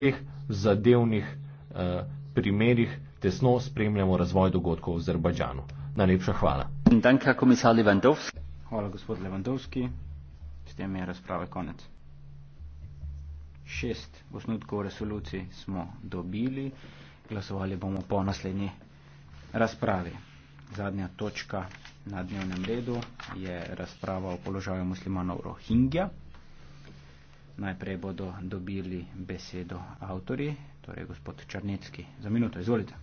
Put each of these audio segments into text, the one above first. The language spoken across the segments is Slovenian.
teh zadevnih eh, primerjih tesno spremljamo razvoj dogodkov v Azerbajdžanu. Najlepša hvala. Danka, komisar Levandovski. Hvala, gospod Levandovski. S tem je razprave konec. Šest osnutkov resolucij smo dobili, glasovali bomo po naslednji razpravi. Zadnja točka na dnevnem redu je razprava o položaju muslimanov Rohingja. Najprej bodo dobili besedo avtori, torej gospod Črnecki. Za minuto, izvolite.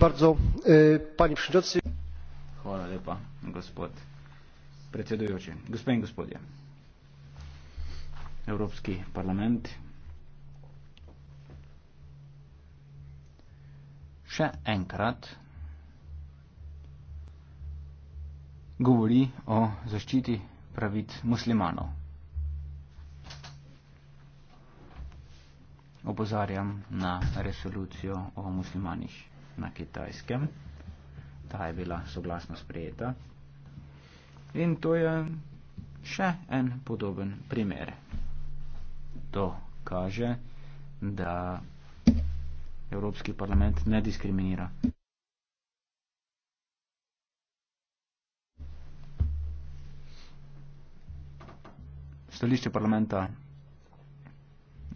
Bardzo, e, Hvala lepa, gospod predsedujoči. Gospe in gospodje, Evropski parlament. Še enkrat govori o zaščiti pravic muslimanov. Opozarjam na resolucijo o muslimanih na kitajskem. Ta je bila soglasno sprejeta. In to je še en podoben primer. To kaže, da Evropski parlament ne diskriminira. stališče parlamenta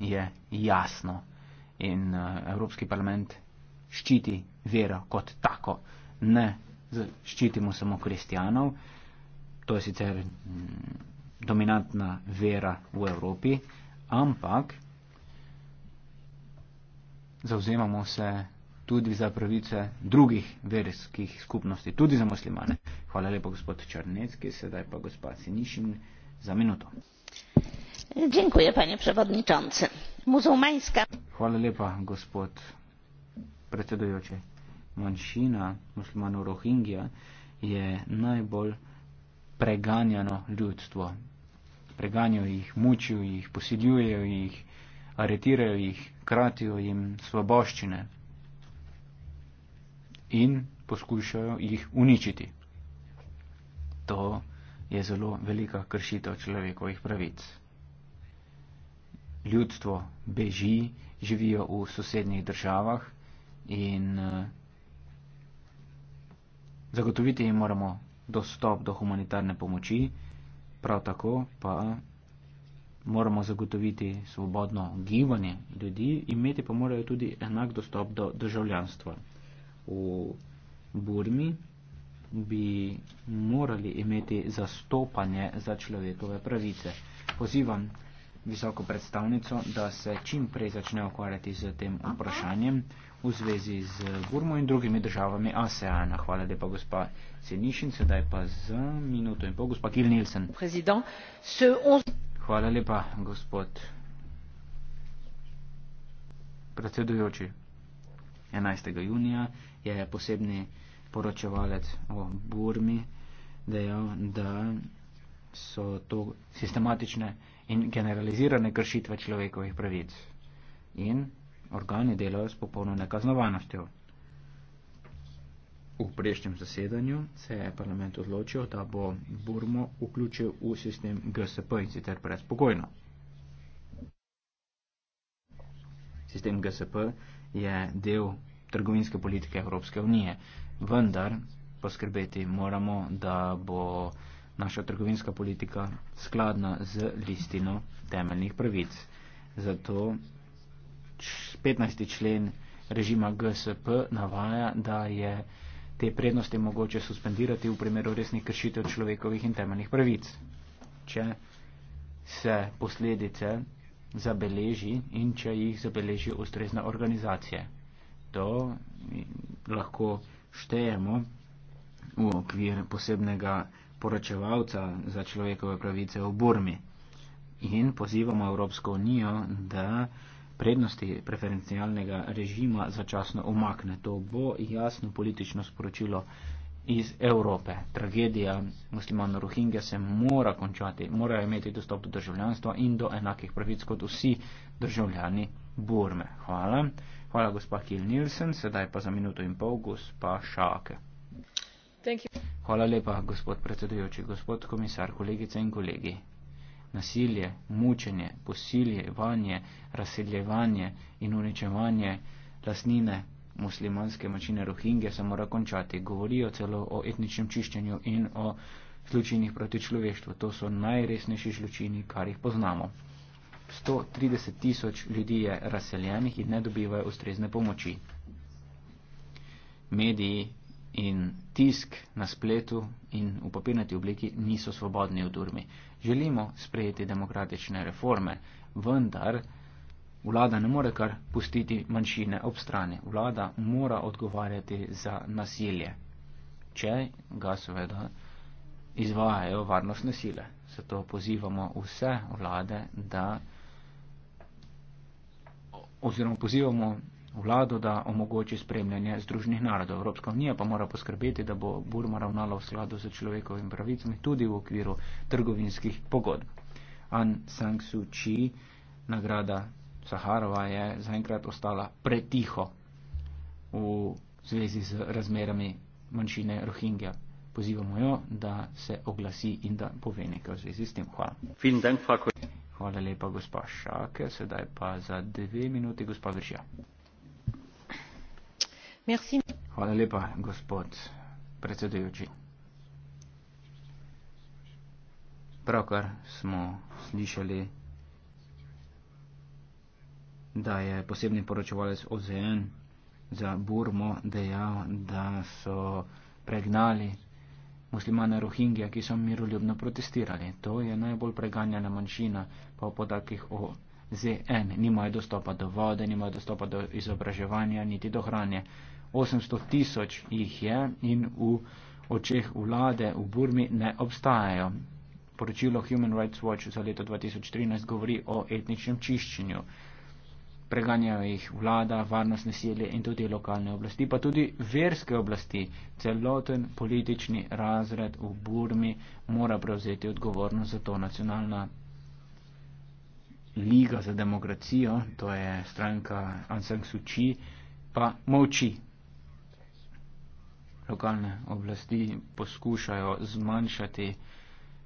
je jasno in eh, Evropski parlament ščiti vero kot tako. Ne ščitimo samo kristijanov, to je sicer mm, dominantna vera v Evropi, ampak zauzemamo se tudi za pravice drugih verskih skupnosti, tudi za muslimane. Hvala lepa, gospod Črnecki, sedaj pa gospod Sinišin dziękuję panie przewodniczący muzułmańska. gospod predsedujoči manjšina muslimanov rohingja je najbolj preganjano ljudstvo preganjajo jih mučijo jih posiljujejo jih aretirajo jih kratijo jim svoboščine in poskušajo jih uničiti to je zelo velika kršitev človekovih pravic. Ljudstvo beži, živijo v sosednjih državah in eh, zagotoviti jim moramo dostop do humanitarne pomoči, prav tako pa moramo zagotoviti svobodno gibanje ljudi, imeti pa morajo tudi enak dostop do državljanstva. V Burmi bi morali imeti zastopanje za človekove pravice. Pozivam visoko predstavnico, da se čim prej začne ukvarjati z tem vprašanjem v zvezi z Burmo in drugimi državami ASEANA. Hvala lepa, gospa Senišin, sedaj pa za minuto in pol, gospa Kil Nielsen. Hvala lepa, gospod predsedujoči. 11. junija je posebni poročevalec o Burmi dejal, da so to sistematične in generalizirane kršitve človekovih pravic in organi delajo s popolno nekaznovanostjo. V prejšnjem zasedanju se je parlament odločil, da bo Burmo vključil v sistem GSP in sicer predspokojno. Sistem GSP je del trgovinske politike Evropske unije vendar poskrbeti moramo, da bo naša trgovinska politika skladna z listino temeljnih pravic. Zato 15. člen režima GSP navaja, da je te prednosti mogoče suspendirati v primeru resnih kršitev človekovih in temeljnih pravic. Če se posledice zabeleži in če jih zabeleži ustrezna organizacija. To lahko štejemo v okvir posebnega poročevalca za človekove pravice v Burmi. In pozivamo Evropsko unijo, da prednosti preferencialnega režima začasno umakne. To bo jasno politično sporočilo iz Evrope. Tragedija muslimanov Rohingja se mora končati, morajo imeti dostop do državljanstva in do enakih pravic kot vsi državljani Burme. Hvala. Hvala, gospa Kiel Nielsen, sedaj pa za minuto in pol, gospa Šake. Hvala lepa, gospod predsedujoči, gospod komisar, kolegice in kolegi. Nasilje, mučenje, posiljevanje, razseljevanje in uničevanje lasnine muslimanske mačine Rohingje se mora končati. Govorijo celo o etničnem čiščenju in o zločinih proti človeštvu. To so najresnejši zločini, kar jih poznamo. 130 tisoč ljudi je razseljenih in ne dobivajo ustrezne pomoči. Mediji in tisk na spletu in v papirnati obliki niso svobodni v durmi. Želimo sprejeti demokratične reforme, vendar vlada ne more kar pustiti manjšine ob strani. Vlada mora odgovarjati za nasilje, če ga seveda izvajajo varnostne sile. Zato pozivamo vse vlade, da oziroma pozivamo vlado, da omogoči spremljanje združnih narodov. Evropska unija pa mora poskrbeti, da bo Burma ravnala v skladu z človekovimi pravicami tudi v okviru trgovinskih pogodb. An San Suu Kyi, nagrada Saharova, je zaenkrat ostala pretiho v zvezi z razmerami manjšine Rohingja. Pozivamo jo, da se oglasi in da pove nekaj v zvezi s tem. Hvala. Vielen Dank, Frau Kollegin. Hvala lepa, gospa Šake. Sedaj pa za dve minuti, gospa Vrša. Hvala lepa, gospod predsedujoči. Pravkar smo slišali, da je posebni poročevalec OZN za Burmo dejal, da so pregnali muslimane Rohingije, ki so miroljubno protestirali. To je najbolj preganjena manjšina po podatkih o ZN. Nimajo dostopa do vode, nimajo dostopa do izobraževanja, niti do hranje. 800 tisoč jih je in v očeh vlade v Burmi ne obstajajo. Poročilo Human Rights Watch za leto 2013 govori o etničnem čiščenju preganjajo jih vlada, varnostne sile in tudi lokalne oblasti, pa tudi verske oblasti. Celoten politični razred v Burmi mora prevzeti odgovornost za to nacionalna. Liga za demokracijo, to je stranka Ansang Suči, pa moči. Lokalne oblasti poskušajo zmanjšati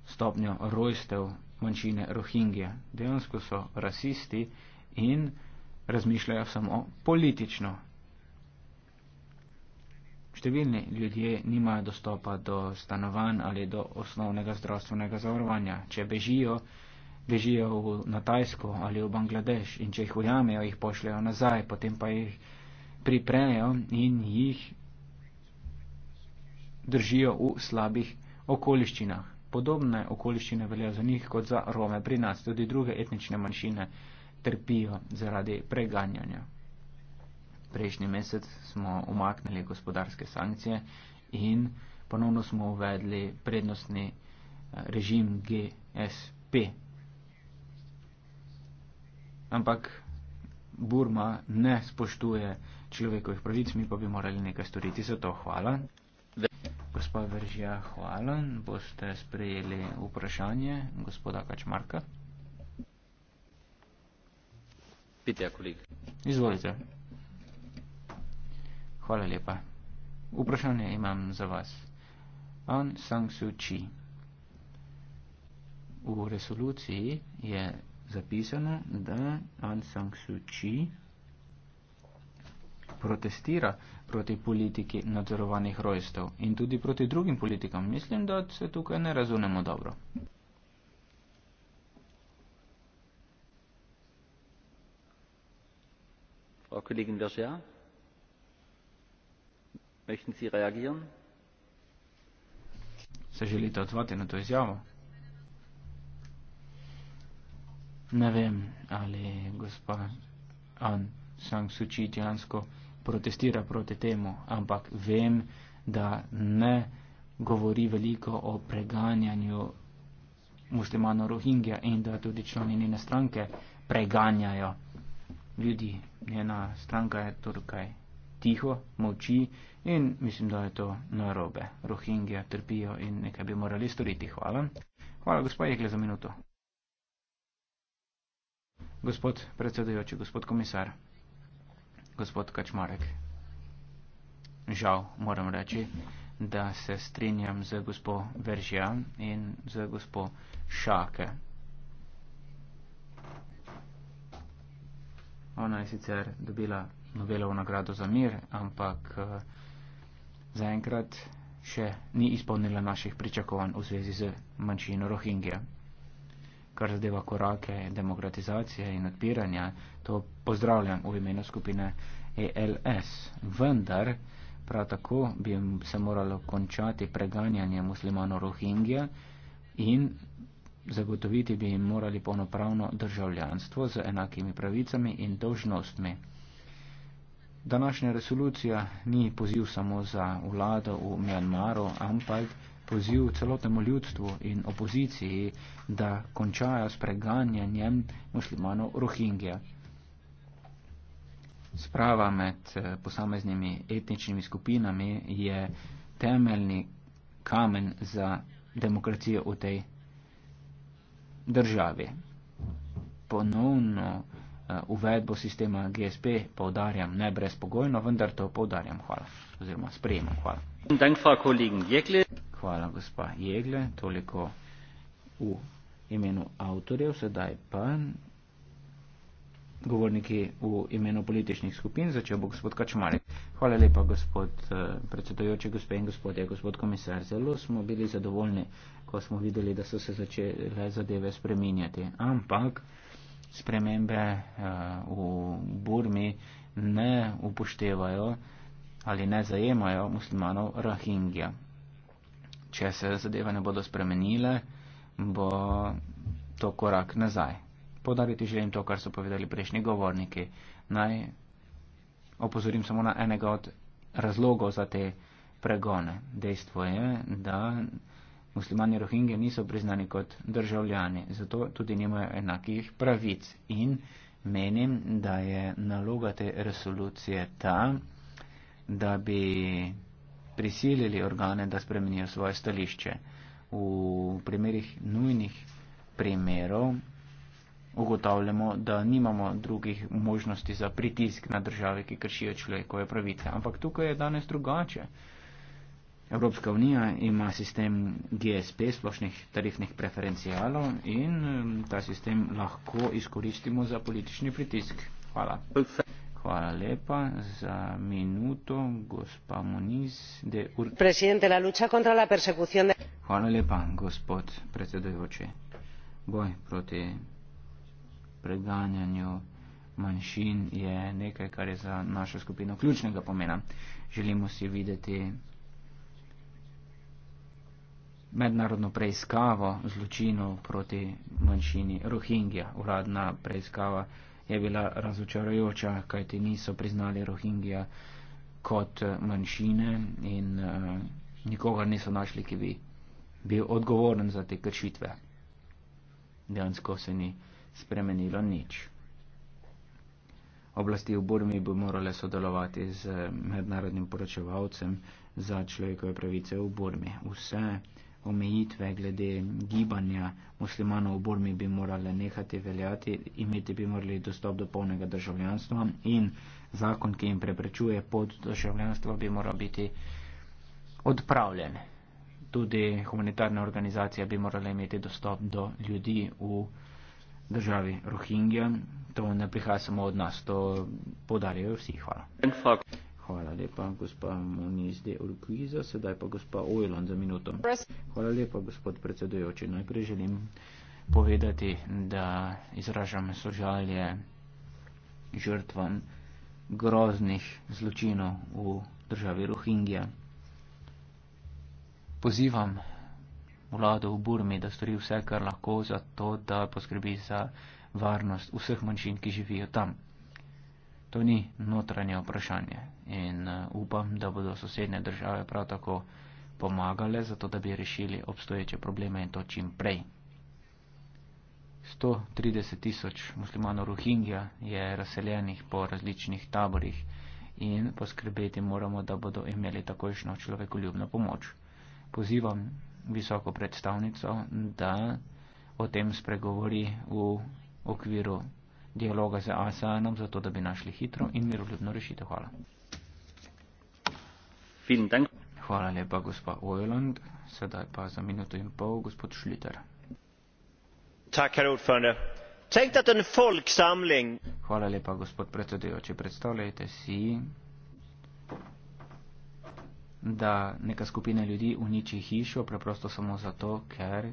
stopnjo rojstev manjšine Rohingje. Dejansko so rasisti in razmišljajo samo politično. Številni ljudje nimajo dostopa do stanovanj ali do osnovnega zdravstvenega zavarovanja. Če bežijo, bežijo v Natajsko ali v Bangladeš in če jih ujamejo, jih pošljajo nazaj, potem pa jih priprejo in jih držijo v slabih okoliščinah. Podobne okoliščine veljajo za njih kot za Rome pri nas, tudi druge etnične manjšine trpijo zaradi preganjanja. Prejšnji mesec smo umaknili gospodarske sankcije in ponovno smo uvedli prednostni eh, režim GSP. Ampak Burma ne spoštuje človekovih pravic, mi pa bi morali nekaj storiti za to. Hvala. Gospod Veržija, hvala. Boste sprejeli vprašanje gospoda Kačmarka. Pite, kolega. Izvolite. Hvala lepa. Vprašanje imam za vas. On Sang Su Chi. V resoluciji je zapisano, da On Sang Su Chi protestira proti politiki nadzorovanih rojstev in tudi proti drugim politikam. Mislim, da se tukaj ne razumemo dobro. frau kollegin vergiat möchten sie reagieren? se želite odzvati na to izjavo? Ne vem, ali gospa An Sang Suu Kyi dejansko protestira proti temu, ampak vem, da ne govori veliko o preganjanju muslimanov Rohingja in da tudi člani njene stranke preganjajo ljudi. Njena stranka je tukaj tiho, moči in mislim, da je to narobe. Rohingja trpijo in nekaj bi morali storiti. Hvala. Hvala, gospod Jekle, za minuto. Gospod predsedujoči, gospod komisar, gospod Kačmarek. Žal moram reči, da se strinjam z gospod Veržja in z gospod Šake. Ona je sicer dobila Nobelovo nagrado za mir, ampak uh, zaenkrat še ni izpolnila naših pričakovanj v zvezi z manjšino Rohingja. Kar zadeva korake demokratizacije in odpiranja, to pozdravljam v imenu skupine ALS. E Vendar prav tako bi se moralo končati preganjanje muslimanov Rohingja in Zagotoviti bi jim morali polnopravno državljanstvo z enakimi pravicami in dožnostmi. Današnja resolucija ni poziv samo za vlado v Mjanmaru, ampak poziv celotnemu ljudstvu in opoziciji, da končajo s preganjanjem muslimanov Rohingja. Sprava med eh, posameznimi etničnimi skupinami je temeljni kamen za demokracijo v tej države. Ponovno eh, uvedbo sistema GSP poudarjam ne brezpogojno, vendar to poudarjam, hvala, oziroma sprejemam, hvala. Hvala, gospa Jegle, toliko v imenu avtorjev, sedaj pa govorniki v imenu političnih skupin, začel bo gospod Kačmarek. Hvala lepa, gospod eh, predsedojoči, gospe in gospodje, gospod komisar. Zelo smo bili zadovoljni, ko smo videli, da so se začele zadeve spreminjati. Ampak spremembe eh, v Burmi ne upoštevajo ali ne zajemajo muslimanov Rahingja. Če se zadeve ne bodo spremenile, bo to korak nazaj podariti želim to, kar so povedali prejšnji govorniki. Naj opozorim samo na enega od razlogov za te pregone. Dejstvo je, da muslimani Rohingje niso priznani kot državljani, zato tudi nimajo enakih pravic. In menim, da je naloga te resolucije ta, da bi prisilili organe, da spremenijo svoje stališče. V primerih nujnih primerov ugotavljamo, da nimamo drugih možnosti za pritisk na države, ki kršijo človekove pravice. Ampak tukaj je danes drugače. Evropska unija ima sistem GSP, splošnih tarifnih preferencijalov in ta sistem lahko izkoristimo za politični pritisk. Hvala. Hvala lepa za minuto, gospa Moniz. Ur... Presidente, la lucha contra la persecución de. Hvala lepa, gospod predsedujoči. Boj proti preganjanju manjšin je nekaj, kar je za našo skupino ključnega pomena. Želimo si videti mednarodno preiskavo zločinov proti manjšini Rohingja. Uradna preiskava je bila razočarajoča, kajti niso priznali Rohingja kot eh, manjšine in uh, nikogar niso našli, ki bi bil odgovoren za te kršitve. Dejansko se ni spremenilo nič. Oblasti v Burmi bi morale sodelovati z mednarodnim poročevalcem za človekove pravice v Burmi. Vse omejitve glede gibanja muslimanov v Burmi bi morale nehati veljati, imeti bi morali dostop do polnega državljanstva in zakon, ki jim preprečuje pod državljanstvo, bi moral biti odpravljen. Tudi humanitarne organizacije bi morale imeti dostop do ljudi v Burmi državi Rohingja. To ne prihaja samo od nas, to podarjajo vsi. Hvala. Hvala lepa, gospa Moniz de Urquiza, sedaj pa gospa Ojlon za minuto. Hvala lepa, gospod predsedujoči. Najprej želim povedati, da izražam sožalje žrtvam groznih zločinov v državi Rohingja. Pozivam vlado v Burmi, da stori vse, kar lahko za to, da poskrbi za varnost vseh manjšin, ki živijo tam. To ni notranje vprašanje in eh, upam, da bodo sosednje države prav tako pomagale, zato da bi rešili obstoječe probleme in to čim prej. 130 tisoč muslimanov Rohingja je razseljenih po različnih taborih in poskrbeti moramo, da bodo imeli takojšno človekoljubno pomoč. Pozivam visoko predstavnico, da o tem spregovori v okviru dialoga z ASEANom, zato da bi našli hitro in miroljubno rešitev. Hvala. Hvala lepa, gospa Ojland. Sedaj pa za minuto in pol, gospod Šliter. Hvala lepa, gospod predsedujoči. Predstavljajte si, da neka skupina ljudi uniči hišo preprosto samo zato, ker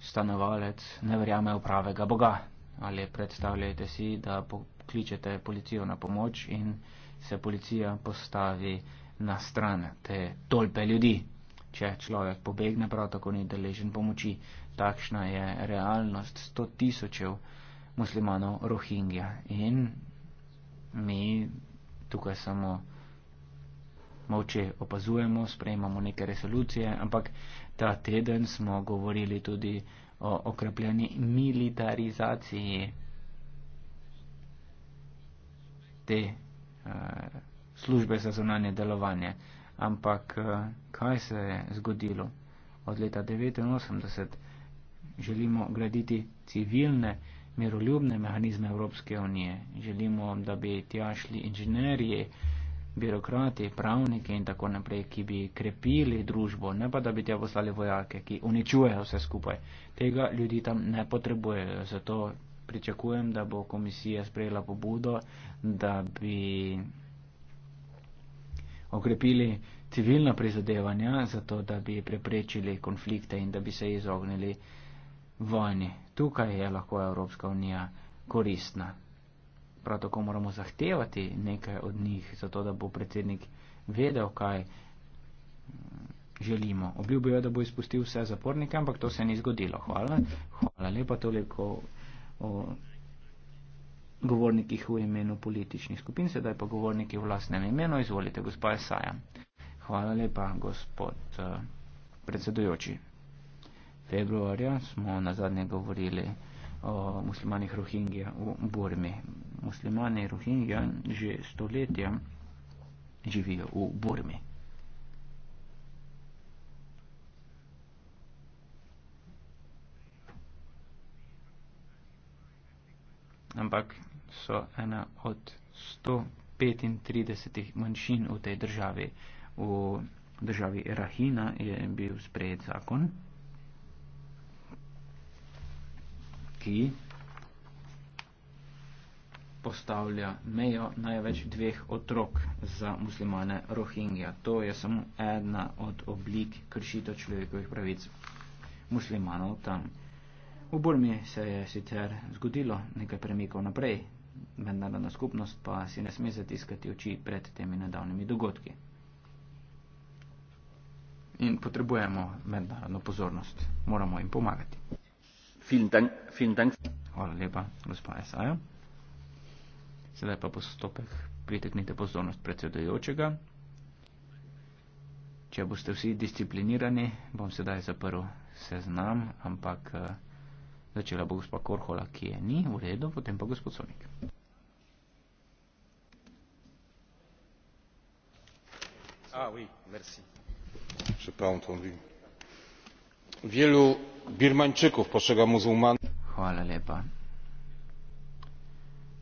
stanovalec ne verjame v pravega Boga. Ali predstavljajte si, da pokličete policijo na pomoč in se policija postavi na stran te tolpe ljudi. Če človek pobegne, prav tako ni deležen pomoči. Takšna je realnost sto tisočev muslimanov Rohingja. In mi tukaj samo. Mavče opazujemo, sprejemamo neke resolucije, ampak ta teden smo govorili tudi o okrepljeni militarizaciji te uh, službe za zunanje delovanje. Ampak uh, kaj se je zgodilo? Od leta 1989 želimo graditi civilne, miroljubne mehanizme Evropske unije. Želimo, da bi tja šli inženerji. Uh, birokrati, pravniki in tako naprej, ki bi krepili družbo, ne pa da bi tja poslali vojake, ki uničujejo vse skupaj. Tega ljudi tam ne potrebujejo. Zato pričakujem, da bo komisija sprejela pobudo, da bi okrepili civilna prizadevanja, zato da bi preprečili konflikte in da bi se izognili vojni. Tukaj je lahko Evropska unija koristna prav tako moramo zahtevati nekaj od njih, zato da bo predsednik vedel, kaj eh, želimo. Obljubijo, da bo izpustil vse zapornike, ampak to se ni zgodilo. Hvala, Hvala lepa toliko o govornikih v imenu političnih skupin, sedaj pa govorniki v lastnem imenu. Izvolite, gospa Esaja. Hvala lepa, gospod uh, predsedujoči. Februarja smo na zadnje govorili o muslimanih Rohingja v Burmi muslimani Rohingja že stoletja živijo v Burmi. Ampak so ena od 135 manjšin v tej državi. V državi Rahina je bil sprejet zakon, ki postavlja mejo največ dveh otrok za muslimane Rohingja. To je samo ena od oblik kršitev človekovih pravic muslimanov tam. V Burmi se je sicer zgodilo nekaj premikov naprej, vendar na skupnost pa si ne sme zatiskati oči pred temi nedavnimi dogodki. In potrebujemo mednarodno pozornost, moramo jim pomagati. Vielen Dank, vielen Dank. Hvala lepa, gospod Esaja. Sedaj pa postopek priteknite pozornost predsedujočega. Če boste vsi disciplinirani, bom sedaj zaprl seznam, ampak eh, začela bo gospa Korhola, ki je ni v redu, potem pa gospod Sonik. Ah, Hvala lepa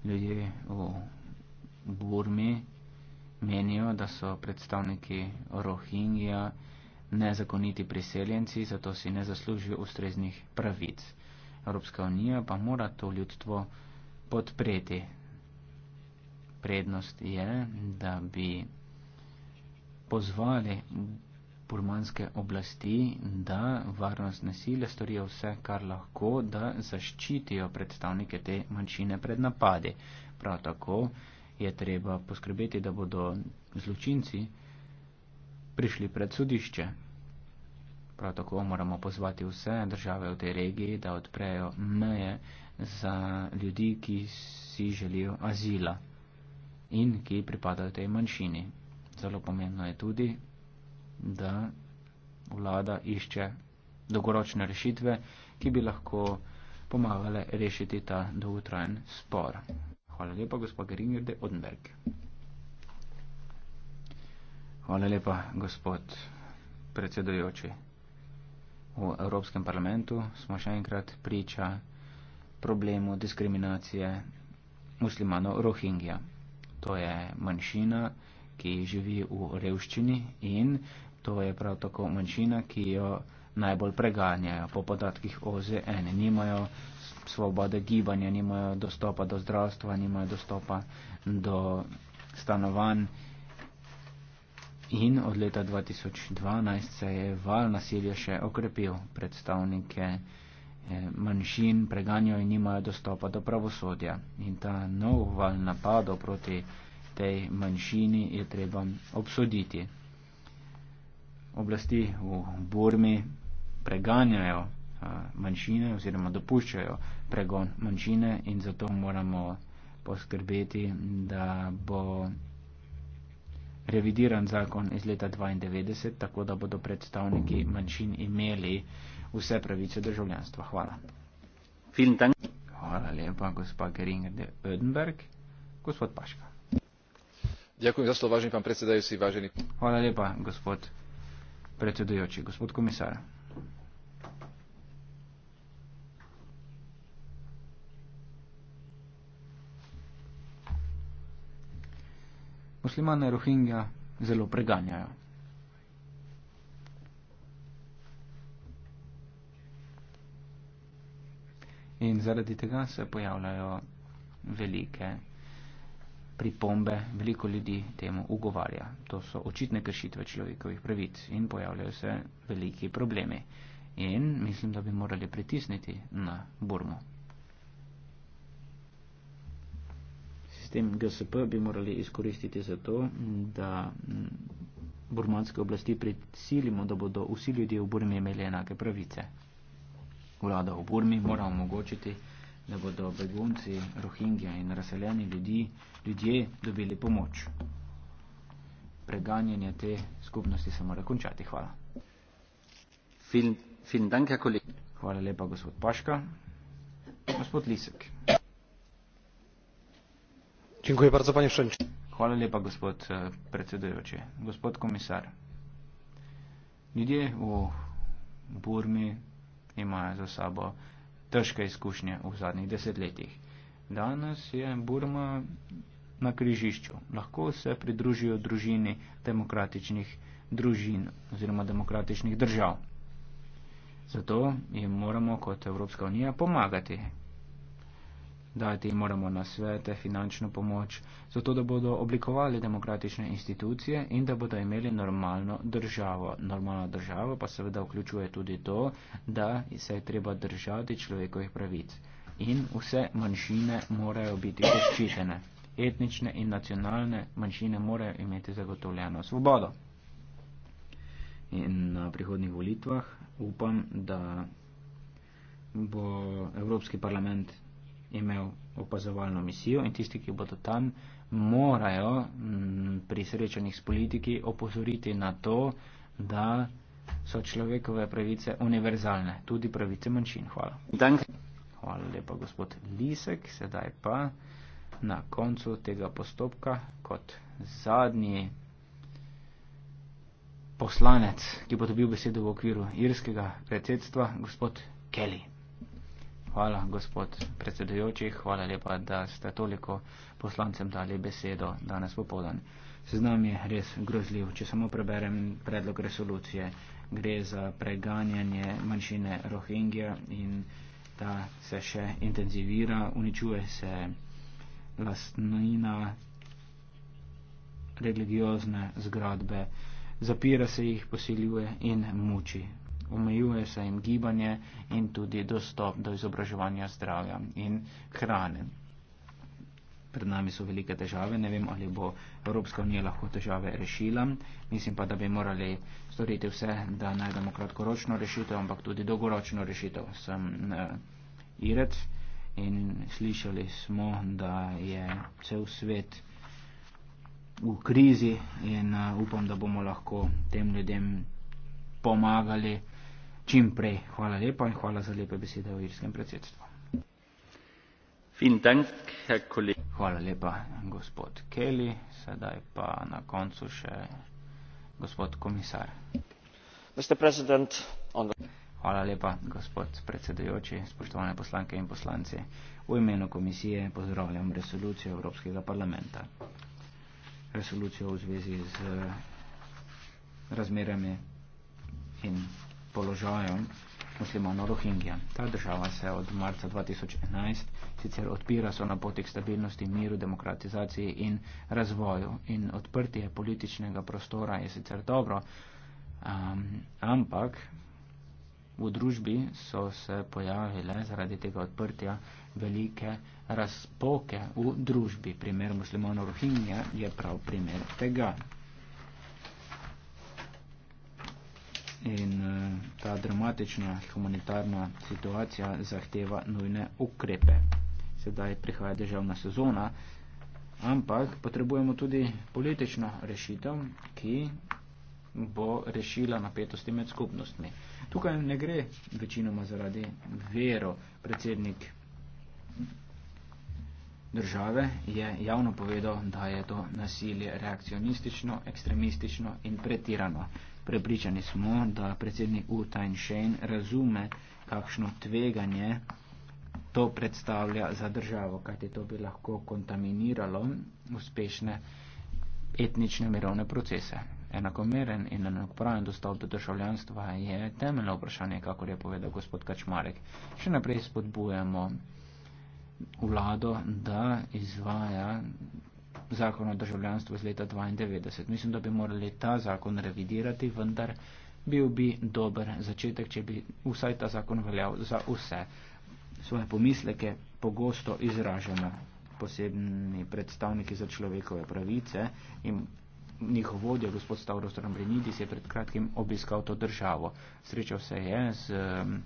ljudje v Burmi menijo, da so predstavniki Rohingija nezakoniti priseljenci, zato si ne zaslužijo ustreznih pravic. Evropska unija pa mora to ljudstvo podpreti. Prednost je, da bi pozvali burmanske oblasti, da varnostne sile storijo vse, kar lahko, da zaščitijo predstavnike te manjšine pred napadi. Prav tako je treba poskrbeti, da bodo zločinci prišli pred sodišče. Prav tako moramo pozvati vse države v tej regiji, da odprejo meje za ljudi, ki si želijo azila in ki pripadajo tej manjšini. Zelo pomembno je tudi, da vlada išče dolgoročne rešitve, ki bi lahko pomagale rešiti ta dolgotrajen spor. Hvala lepa, gospod Geringer de Odenberg. Hvala lepa, gospod predsedojoči. V Evropskem parlamentu smo še enkrat priča problemu diskriminacije muslimanov Rohingja. To je manjšina, ki živi v revščini in To je prav tako manjšina, ki jo najbolj preganjajo. Po podatkih OZN nimajo svobode gibanja, nimajo dostopa do zdravstva, nimajo dostopa do stanovanj. In od leta 2012 se je val nasilja še okrepil predstavnike eh, manjšin, preganjajo in nimajo dostopa do pravosodja. In ta nov val napadov proti tej manjšini je treba obsoditi oblasti v Burmi preganjajo eh, manjšine oziroma dopuščajo pregon manjšine in zato moramo poskrbeti, da bo revidiran zakon iz leta 92, tako da bodo predstavniki manjšin imeli vse pravice državljanstva. Hvala. Hvala lepa, gospa Geringer de Ödenberg. Gospod Paška. Ďakujem za slovo, vážený pán predsedajúci, vážený. Hvala lepa, gospod predsedujoči, gospod komisar. Muslimane Rohingja zelo preganjajo. In zaradi tega se pojavljajo velike pripombe, veliko ljudi temu ugovarja. To so očitne kršitve človekovih pravic in pojavljajo se veliki problemi. In mislim, da bi morali pritisniti na Burmo. Sistem GSP bi morali izkoristiti za to, da mm, burmanske oblasti prisilimo, da bodo vsi ljudje v Burmi imeli enake pravice. Vlada v Burmi mora omogočiti, da bodo begunci, rohingja in razseljeni ljudi, ljudje dobili pomoč. Preganjanje te skupnosti se mora končati. Hvala. Film, film danke, Hvala lepa, gospod Paška. Gospod Lisek. Hvala lepa, gospod eh, predsedujoči. Gospod komisar. Ljudje v Burmi imajo za sabo težke izkušnje v zadnjih desetletjih. Danes je Burma na križišču. Lahko se pridružijo družini demokratičnih družin oziroma demokratičnih držav. Zato jim moramo kot Evropska unija pomagati, dajati jim moramo na svete, finančno pomoč, zato da bodo oblikovali demokratične institucije in da bodo imeli normalno državo. Normalna država pa seveda vključuje tudi to, da se je treba držati človekovih pravic. In vse manjšine morajo biti zaščitene. Etnične in nacionalne manjšine morajo imeti zagotovljeno svobodo. In na prihodnih volitvah upam, da bo Evropski parlament imel opazovalno misijo in tisti, ki bodo tam, morajo m, pri srečanjih s politiki opozoriti na to, da so človekove pravice univerzalne, tudi pravice manjšin. Hvala. Dank. Hvala lepa, gospod Lisek. Sedaj pa na koncu tega postopka kot zadnji poslanec, ki bo dobil besedo v okviru irskega predsedstva, gospod Kelly. Hvala, gospod predsedujoči. Hvala lepa, da ste toliko poslancem dali besedo danes popoldan. Seznam je res grozljiv. Če samo preberem predlog resolucije, gre za preganjanje manjšine Rohingja in ta se še intenzivira, uničuje se lastnina religiozne zgradbe, zapira se jih, posiljuje in muči omejuje se jim gibanje in tudi dostop do izobraževanja zdravja in hrane. Pred nami so velike težave, ne vem, ali bo Evropska unija lahko težave rešila. Mislim pa, da bi morali storiti vse, da najdemo kratkoročno rešitev, ampak tudi dolgoročno rešitev. Sem uh, Irec in slišali smo, da je cel svet v krizi in uh, upam, da bomo lahko tem ljudem pomagali čim prej. Hvala lepa in hvala za lepe besede o irskem predsedstvu. Hvala lepa, gospod Kelly. Sedaj pa na koncu še gospod komisar. Hvala lepa, gospod predsedujoči, spoštovane poslanke in poslanci. V imenu komisije pozdravljam resolucijo Evropskega parlamenta. Resolucijo v zvezi z razmerami in položajem muslimano Rohingja. Ta država se od marca 2011 sicer odpira so na potek stabilnosti, miru, demokratizaciji in razvoju. In odprtje političnega prostora je sicer dobro, um, ampak v družbi so se pojavile zaradi tega odprtja velike razpoke v družbi. Primer muslimano Rohingja je prav primer tega. in eh, ta dramatična humanitarna situacija zahteva nujne ukrepe. Sedaj prihaja državna sezona, ampak potrebujemo tudi politično rešitev, ki bo rešila napetosti med skupnostmi. Tukaj ne gre večinoma zaradi vero. Predsednik države je javno povedal, da je to nasilje reakcionistično, ekstremistično in pretirano. Prepričani smo, da predsednik U Tainšen razume, kakšno tveganje to predstavlja za državo, kajti to bi lahko kontaminiralo uspešne etnične mirovne procese. Enakomeren in enakopraven dostop do državljanstva je temeljno vprašanje, kako je povedal gospod Kačmarek. Še naprej spodbujamo vlado, da izvaja zakon o državljanstvu iz leta 92. Mislim, da bi morali ta zakon revidirati, vendar bil bi dober začetek, če bi vsaj ta zakon veljal za vse. Svoje pomisleke pogosto izražamo posebni predstavniki za človekove pravice in njihov vodja, gospod Stavros Rambrinidis, je pred kratkim obiskal to državo. Srečal se je z um,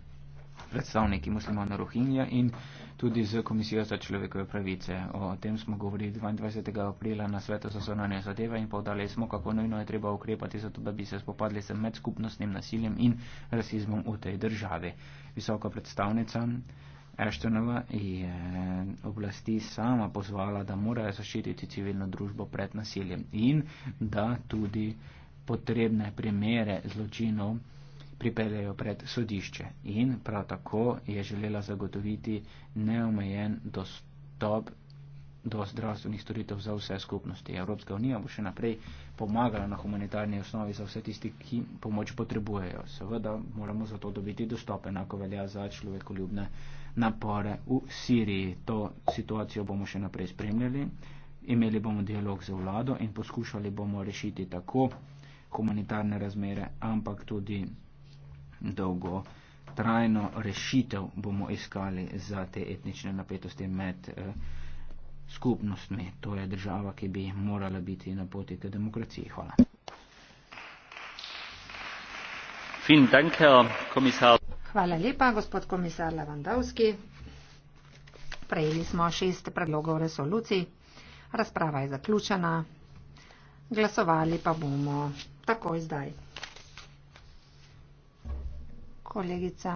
predstavniki muslimana Rohinja in tudi z Komisijo za človekove pravice. O tem smo govorili 22. aprila na svetu za sonanje zadeve in povdali smo, kako nujno je treba ukrepati, zato da bi se spopadli s medskupnostnim nasiljem in rasizmom v tej državi. Visoka predstavnica Eštonova je oblasti sama pozvala, da morajo zaščititi civilno družbo pred nasiljem in da tudi potrebne primere zločinov pripeljejo pred sodišče in prav tako je želela zagotoviti neomejen dostop do zdravstvenih storitev za vse skupnosti. Evropska unija bo še naprej pomagala na humanitarni osnovi za vse tisti, ki pomoč potrebujejo. Seveda moramo za to dobiti dostop, enako velja za človekoljubne napore v Siriji. To situacijo bomo še naprej spremljali, imeli bomo dialog z vlado in poskušali bomo rešiti tako humanitarne razmere, ampak tudi dolgo trajno rešitev bomo iskali za te etnične napetosti med eh, skupnostmi. To je država, ki bi morala biti na poti k demokraciji. Hvala. Hvala lepa, gospod komisar Levandowski. Prejeli smo šest predlogov resolucij. Razprava je zaključena. Glasovali pa bomo takoj zdaj kolegica.